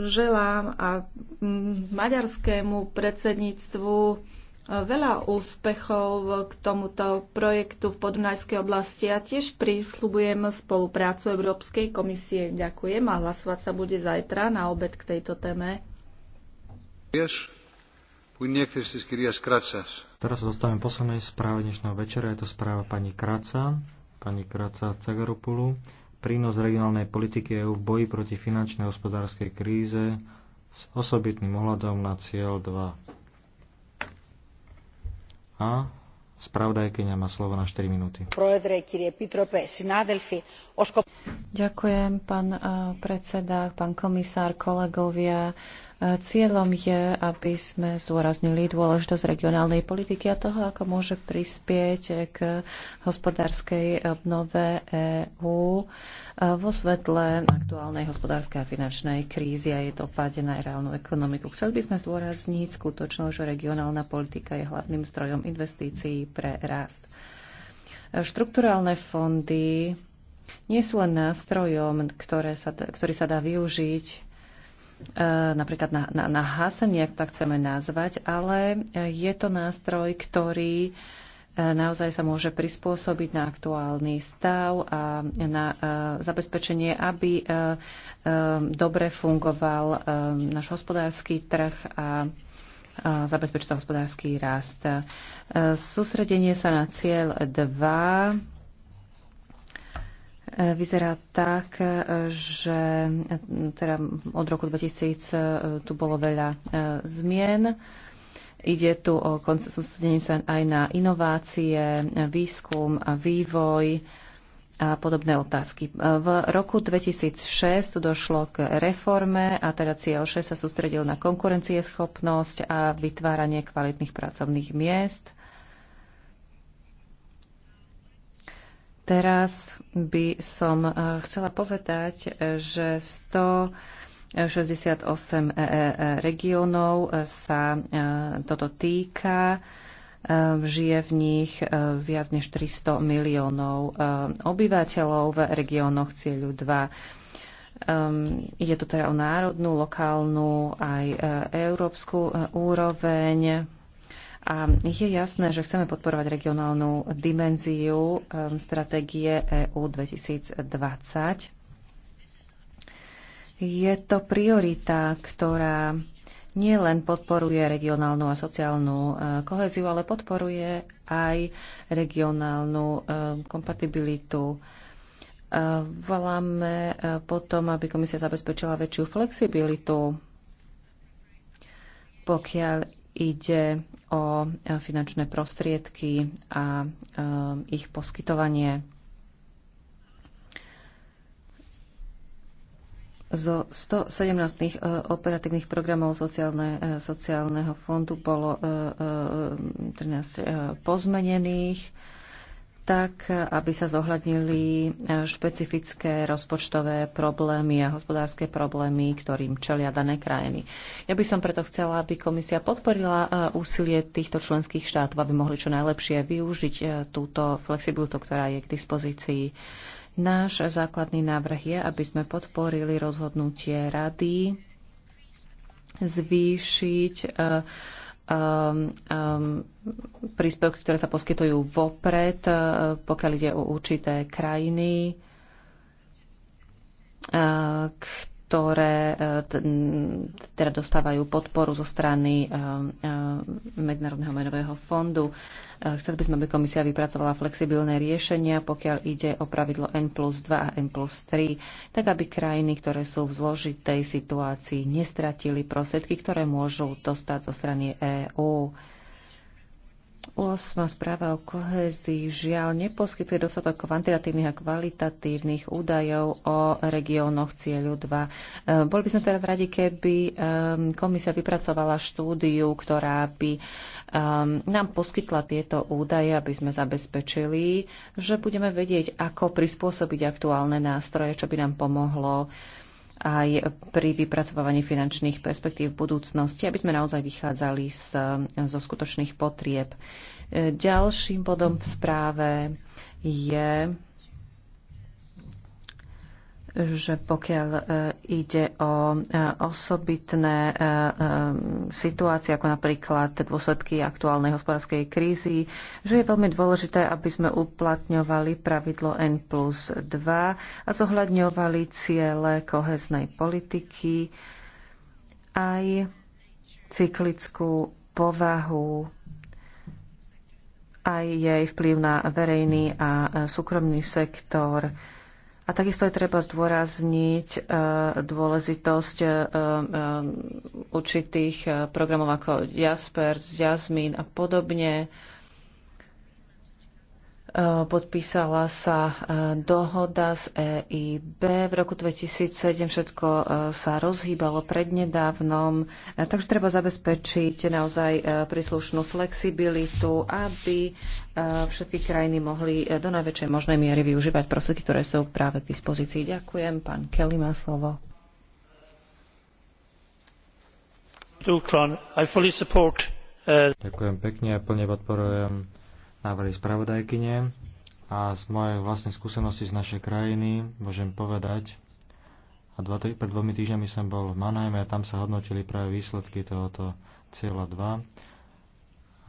želám a mm, maďarskému predsedníctvu e, veľa úspechov k tomuto projektu v Podunajskej oblasti a tiež prísľubujem spoluprácu Európskej komisie. Ďakujem a hlasovať sa bude zajtra na obed k tejto téme. Teraz sa poslednej správe dnešného večera. Je to správa pani Kraca, pani Kraca Cegaropulu prínos regionálnej politiky EÚ v boji proti finančnej a hospodárskej kríze s osobitným ohľadom na cieľ 2. A spravodajkyňa má slovo na 4 minúty. Ďakujem, pán eh, predseda, pán komisár, kolegovia. Cieľom je, aby sme zúraznili dôležitosť regionálnej politiky a toho, ako môže prispieť k hospodárskej obnove EÚ vo svetle aktuálnej hospodárskej a finančnej krízy a jej dopade na reálnu ekonomiku. Chceli by sme zdôrazniť skutočnosť, že regionálna politika je hlavným zdrojom investícií pre rast. Štrukturálne fondy nie sú len nástrojom, ktoré sa, ktorý sa dá využiť E, napríklad na, na, na hasenie, ak to tak chceme nazvať, ale e, je to nástroj, ktorý e, naozaj sa môže prispôsobiť na aktuálny stav a na zabezpečenie, aby dobre fungoval náš hospodársky trh a zabezpečil hospodársky rast. Sústredenie sa na cieľ 2 vyzerá tak, že teda od roku 2000 tu bolo veľa e, zmien. Ide tu o sústredenie sa aj na inovácie, výskum a vývoj a podobné otázky. E, v roku 2006 tu došlo k reforme a teda cieľ 6 sa sústredil na konkurencieschopnosť a vytváranie kvalitných pracovných miest – Teraz by som e, chcela povedať, že 168 e, e, regiónov sa toto týka. Žije v nich viac než 300 miliónov obyvateľov v regiónoch cieľu 2. Je ehm, ide tu teda o národnú, lokálnu aj európsku úroveň a je jasné, že chceme podporovať regionálnu dimenziu um, stratégie EU 2020. Je to priorita, ktorá nie len podporuje regionálnu a sociálnu uh, koheziu, ale podporuje aj regionálnu um, kompatibilitu. Uh, voláme uh, potom, aby komisia zabezpečila väčšiu flexibilitu, pokiaľ Ide o e, finančné prostriedky a e, ich poskytovanie. Zo 117 e, operatívnych programov sociálne, sociálneho fondu bolo 13 pozmenených tak aby sa zohľadnili e, špecifické rozpočtové problémy a hospodárske problémy, ktorým čelia dané krajiny. Ja by som preto chcela, aby komisia podporila e, úsilie týchto členských štátov, aby mohli čo najlepšie využiť e, túto flexibilitu, ktorá je k dispozícii. Náš základný návrh je, aby sme podporili rozhodnutie rady zvýšiť uh, um, um, príspevky, ktoré sa poskytujú vopred, uh, pokiaľ ide o určité krajiny, uh, ktoré e, teda dostávajú podporu zo strany e, e, Medzinárodného menového fondu. Chceli by sme, aby komisia vypracovala flexibilné riešenia, pokiaľ ide o pravidlo N plus 2 a N plus 3, tak aby krajiny, ktoré sú v zložitej situácii, nestratili prostriedky, ktoré môžu dostať zo strany EÚ. 8. správa o kohézii žiaľ neposkytuje dostatok kvantitatívnych a kvalitatívnych údajov o regiónoch cieľu 2. E, boli by sme teda radi, keby e, komisia vypracovala štúdiu, ktorá by e, nám poskytla tieto údaje, aby sme zabezpečili, že budeme vedieť, ako prispôsobiť aktuálne nástroje, čo by nám pomohlo aj pri vypracovaní finančných perspektív v budúcnosti, aby sme naozaj vychádzali z, zo skutočných potrieb. E, ďalším bodom v správe je že pokiaľ e, ide o e, osobitné e, situácie, ako napríklad dôsledky aktuálnej hospodárskej krízy, že je veľmi dôležité, aby sme uplatňovali pravidlo N plus 2 a zohľadňovali ciele koheznej politiky aj cyklickú povahu aj jej vplyv na verejný a súkromný sektor, a takisto je treba zdôrazniť e, dôležitosť e, e, určitých programov ako Jasper, Jasmin a podobne, Eh, podpísala sa eh, dohoda z EIB v roku 2007, všetko eh, sa rozhýbalo prednedávnom, takže treba zabezpečiť naozaj príslušnú flexibilitu, aby všetky krajiny mohli do najväčšej možnej miery využívať prostriedky, ktoré sú práve k dispozícii. Ďakujem. Pán Kelly má slovo. Ďakujem pekne a plne podporujem návrhy spravodajkyne a z mojej vlastnej skúsenosti z našej krajiny môžem povedať, a dva, pred dvomi týždňami som bol v Mannheime a tam sa hodnotili práve výsledky tohoto cieľa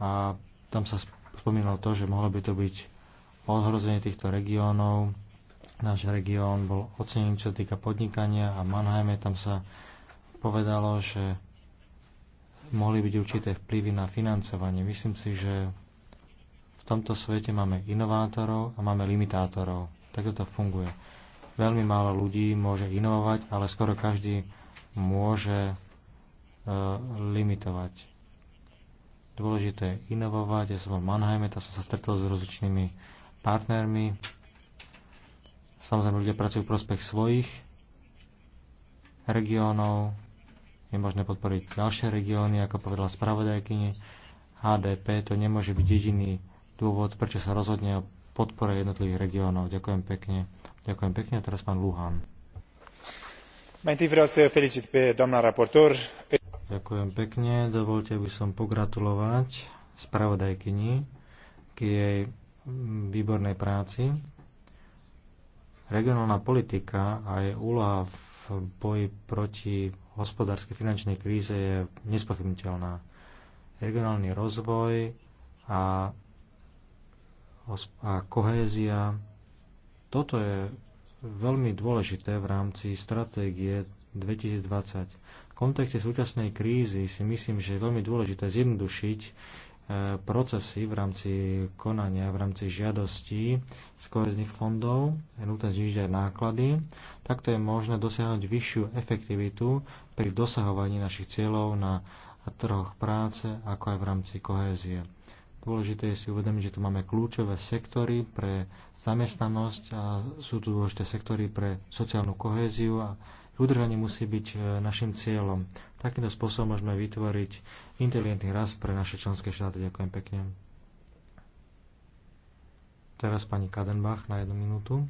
2 a tam sa spomínalo to, že mohlo by to byť ohrozenie týchto regiónov. Náš región bol ocenený, čo sa týka podnikania a v Mannheime tam sa povedalo, že mohli byť určité vplyvy na financovanie. Myslím si, že v tomto svete máme inovátorov a máme limitátorov. Takto to funguje. Veľmi málo ľudí môže inovovať, ale skoro každý môže e, limitovať. Dôležité je inovovať. Ja som v Mannheime, tam som sa stretol s rozličnými partnermi. Samozrejme, ľudia pracujú v prospech svojich regiónov. Je možné podporiť ďalšie regióny, ako povedala spravodajkyni. HDP to nemôže byť jediný dôvod, prečo sa rozhodne o podpore jednotlivých regiónov. Ďakujem pekne. Ďakujem pekne. A teraz pán Luhan. Ďakujem pekne. Dovolte, aby som pogratulovať spravodajkyni k jej výbornej práci. Regionálna politika a jej úloha v boji proti hospodárskej finančnej kríze je nespochybniteľná. Regionálny rozvoj a a kohézia. Toto je veľmi dôležité v rámci stratégie 2020. V kontexte súčasnej krízy si myslím, že je veľmi dôležité zjednodušiť e, procesy v rámci konania, v rámci žiadostí z kohezných fondov, je nutné znižiť aj náklady, takto je možné dosiahnuť vyššiu efektivitu pri dosahovaní našich cieľov na trhoch práce, ako aj v rámci kohézie. Dôležité je si uvedomiť, že tu máme kľúčové sektory pre zamestnanosť a sú tu dôležité sektory pre sociálnu kohéziu a udržanie musí byť e, našim cieľom. Takýmto spôsobom môžeme vytvoriť inteligentný rast pre naše členské štáty. Ďakujem pekne. Teraz pani Kadenbach na jednu minútu.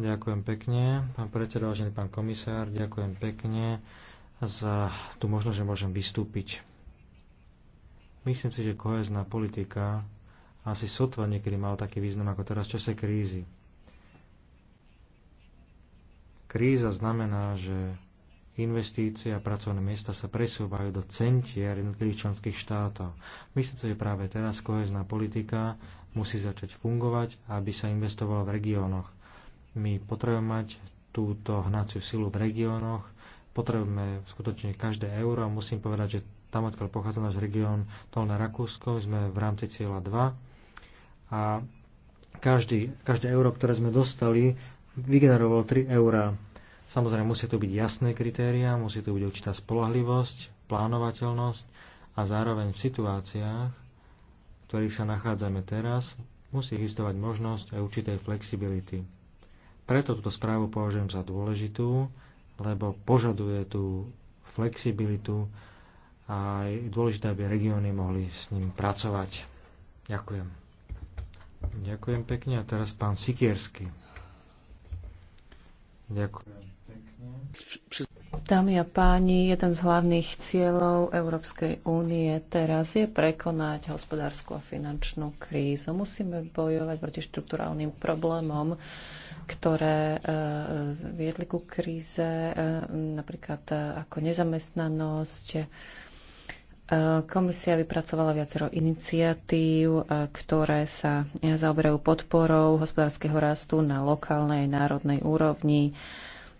Ďakujem pekne. Pán predseda, vážený pán komisár, ďakujem pekne za tú možnosť, že môžem vystúpiť Myslím si, že kohezná politika asi sotva niekedy mala taký význam ako teraz v čase krízy. Kríza znamená, že investície a pracovné miesta sa presúvajú do centier jednotlivých členských štátov. Myslím si, že práve teraz kohezná politika musí začať fungovať, aby sa investovalo v regiónoch. My potrebujeme mať túto hnaciu silu v regiónoch, potrebujeme skutočne každé euro a musím povedať, že tam odkiaľ pochádza náš región Dolné Rakúsko, sme v rámci cieľa 2 a každý, každé euro, ktoré sme dostali, vygenerovalo 3 eurá. Samozrejme, musí tu byť jasné kritéria, musí tu byť určitá spolahlivosť, plánovateľnosť a zároveň v situáciách, v ktorých sa nachádzame teraz, musí existovať možnosť aj určitej flexibility. Preto túto správu považujem za dôležitú, lebo požaduje tú flexibilitu, a je dôležité, aby regióny mohli s ním pracovať. Ďakujem. Ďakujem pekne a teraz pán Sikiersky. Ďakujem pekne. Dámy a páni, jeden z hlavných cieľov Európskej únie teraz je prekonať hospodárskú a finančnú krízu. Musíme bojovať proti štruktúrálnym problémom, ktoré eh, viedli ku kríze, eh, napríklad eh, ako nezamestnanosť, Komisia vypracovala viacero iniciatív, e, ktoré sa zaoberajú podporou hospodárskeho rastu na lokálnej národnej úrovni.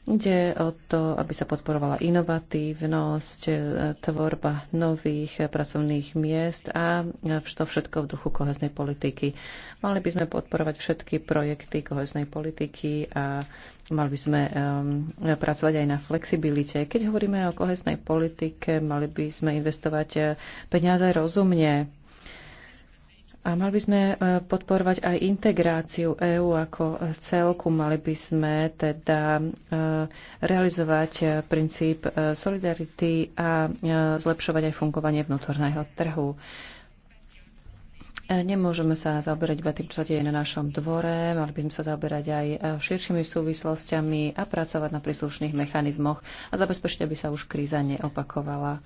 Ide o to, aby sa podporovala inovatívnosť, e, tvorba nových e, pracovných miest a e, to všetko v duchu koheznej politiky. Mali by sme podporovať všetky projekty koheznej politiky a mali by sme um, pracovať aj na flexibilite. Keď hovoríme o koheznej politike, mali by sme investovať peniaze rozumne a mali by sme e, podporovať aj integráciu EÚ ako celku. Mali by sme teda e, realizovať e, princíp solidarity a zlepšovať aj fungovanie vnútorného trhu. Nemôžeme sa zaoberať iba tým, čo sa deje na našom dvore, mali by sme sa zaoberať aj širšími súvislostiami a pracovať na príslušných mechanizmoch a zabezpečiť, aby sa už kríza neopakovala.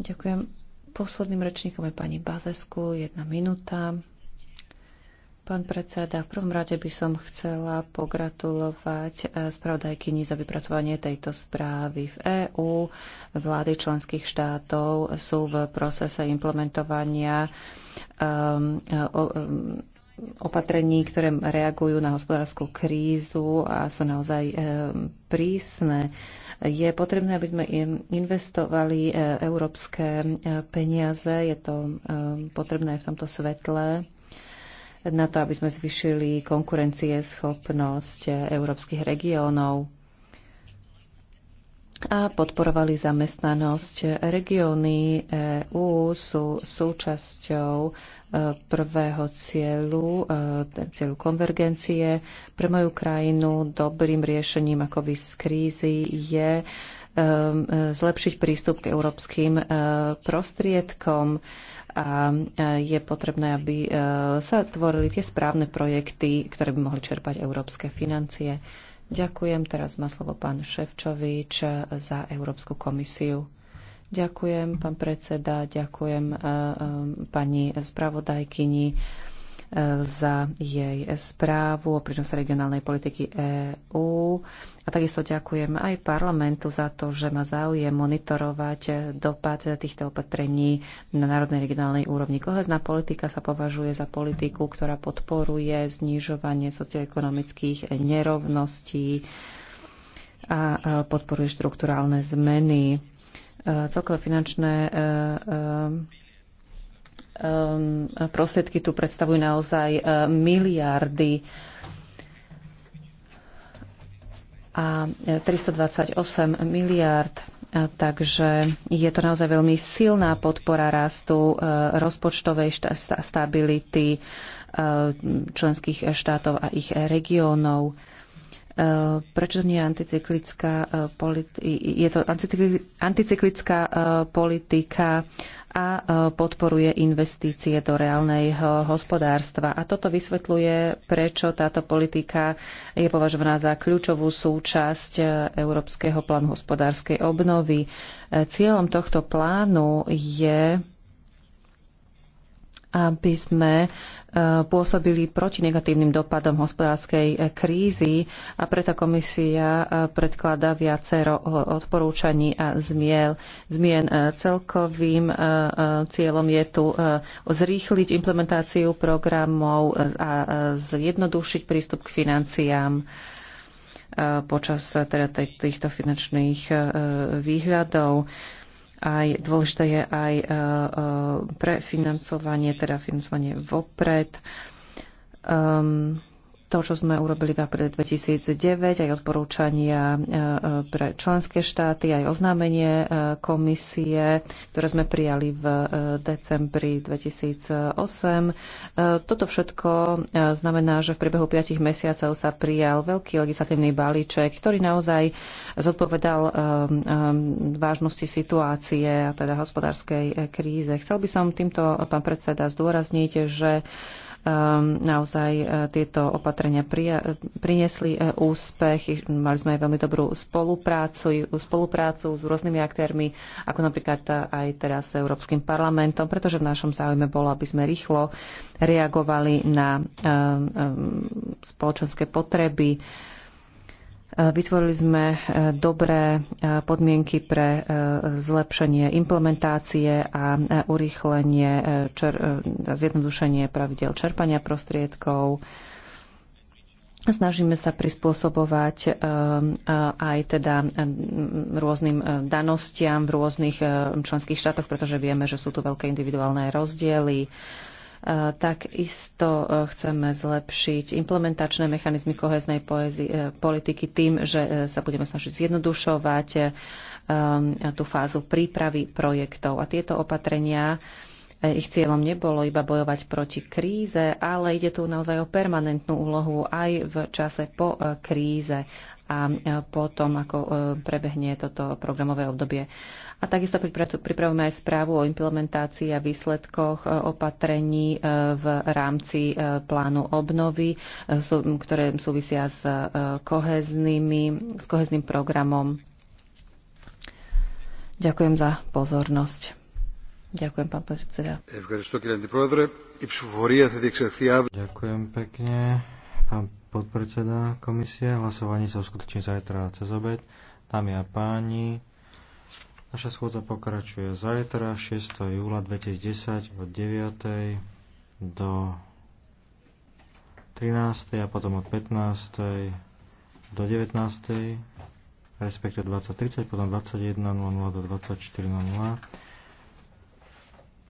Ďakujem. Posledným rečníkom je pani Bazesku, jedna minúta. Pán predseda, v prvom rade by som chcela pogratulovať eh, spravodajkyni za vypracovanie tejto správy. V EÚ vlády členských štátov sú v procese implementovania um, um, opatrení, ktoré reagujú na hospodárskú krízu a sú naozaj eh, prísne. Je potrebné, aby sme investovali eh, európske eh, peniaze. Je to potrebné aj v tomto svetle na to, aby sme zvyšili schopnosť európskych regiónov a podporovali zamestnanosť. Regióny EÚ sú súčasťou prvého cieľu, e, cieľu konvergencie. Pre moju krajinu dobrým riešením akoby z krízy je e, zlepšiť prístup k európskym e, prostriedkom a je potrebné, aby sa tvorili tie správne projekty, ktoré by mohli čerpať európske financie. Ďakujem. Teraz má slovo pán Ševčovič za Európsku komisiu. Ďakujem, pán predseda, ďakujem eh, eh, pani spravodajkyni eh, za jej správu o prínose regionálnej politiky EÚ. A takisto ďakujem aj parlamentu za to, že má záujem monitorovať dopad týchto opatrení na národnej regionálnej úrovni. Kohezná politika sa považuje za politiku, ktorá podporuje znižovanie socioekonomických nerovností a podporuje štruktúrálne zmeny Eh, celkové finančné eh, eh, prostriedky tu predstavujú naozaj miliardy a 328 miliard. Takže je to naozaj veľmi silná podpora rastu rozpočtovej stability členských štátov a ich regiónov. Eh, prečo nie anticyklická eh, politika? Je to anticyklická eh, politika a podporuje investície do reálneho hospodárstva. A toto vysvetľuje, prečo táto politika je považovaná za kľúčovú súčasť Európskeho plánu hospodárskej obnovy. Cieľom tohto plánu je aby sme e, pôsobili proti negatívnym dopadom hospodárskej e, krízy a preto komisia e, predkladá viacero odporúčaní a zmien. zmien. Celkovým cieľom je tu zrýchliť implementáciu programov a zjednodušiť prístup k financiám počas teda týchto finančných výhľadov aj dôležité je aj e, e, prefinancovanie, teda financovanie vopred. Um, to, čo sme urobili v apríli 2009, aj odporúčania e, e, pre členské štáty, aj oznámenie e, komisie, ktoré sme prijali v decembri 2008. Toto všetko znamená, že v priebehu 5 mesiacov sa prijal veľký legislatívny balíček, ktorý naozaj zodpovedal vážnosti situácie a teda hospodárskej kríze. Chcel by som týmto, pán predseda, zdôrazniť, že Ehm, naozaj e, tieto opatrenia priniesli e, úspech. Mali sme aj veľmi dobrú spoluprácu, spoluprácu s rôznymi aktérmi, ako napríklad e, aj teraz s Európskym parlamentom, pretože v našom záujme bolo, aby sme rýchlo reagovali na spoločenské potreby Vytvorili sme e, dobré e, podmienky pre e, zlepšenie implementácie a urýchlenie, čer, zjednodušenie pravidel čerpania prostriedkov. Snažíme sa prispôsobovať aj teda rôznym danostiam v rôznych členských štátoch, pretože vieme, že sú tu veľké individuálne rozdiely Eh, takisto eh, chceme zlepšiť implementačné mechanizmy koheznej eh, politiky tým, že sa budeme snažiť zjednodušovať tú fázu prípravy projektov. A tieto opatrenia ich cieľom nebolo iba bojovať proti kríze, ale ide tu naozaj o permanentnú úlohu aj v čase po kríze a e, potom, ako e, prebehne toto programové obdobie. A takisto pripravujeme aj správu o implementácii a výsledkoch e, opatrení v rámci plánu obnovy, ktoré súvisia s, koheznými, s kohezným programom. Ďakujem za pozornosť. Ďakujem, pán predseda. Ďakujem pekne. Pán podpredseda komisie. Hlasovanie sa uskutoční zajtra cez obed. Dámy a páni, naša schôdza pokračuje zajtra 6. júla 2010 od 9. do 13. a potom od 15. do 19. respektive 20.30, potom 21.00 do 24.00.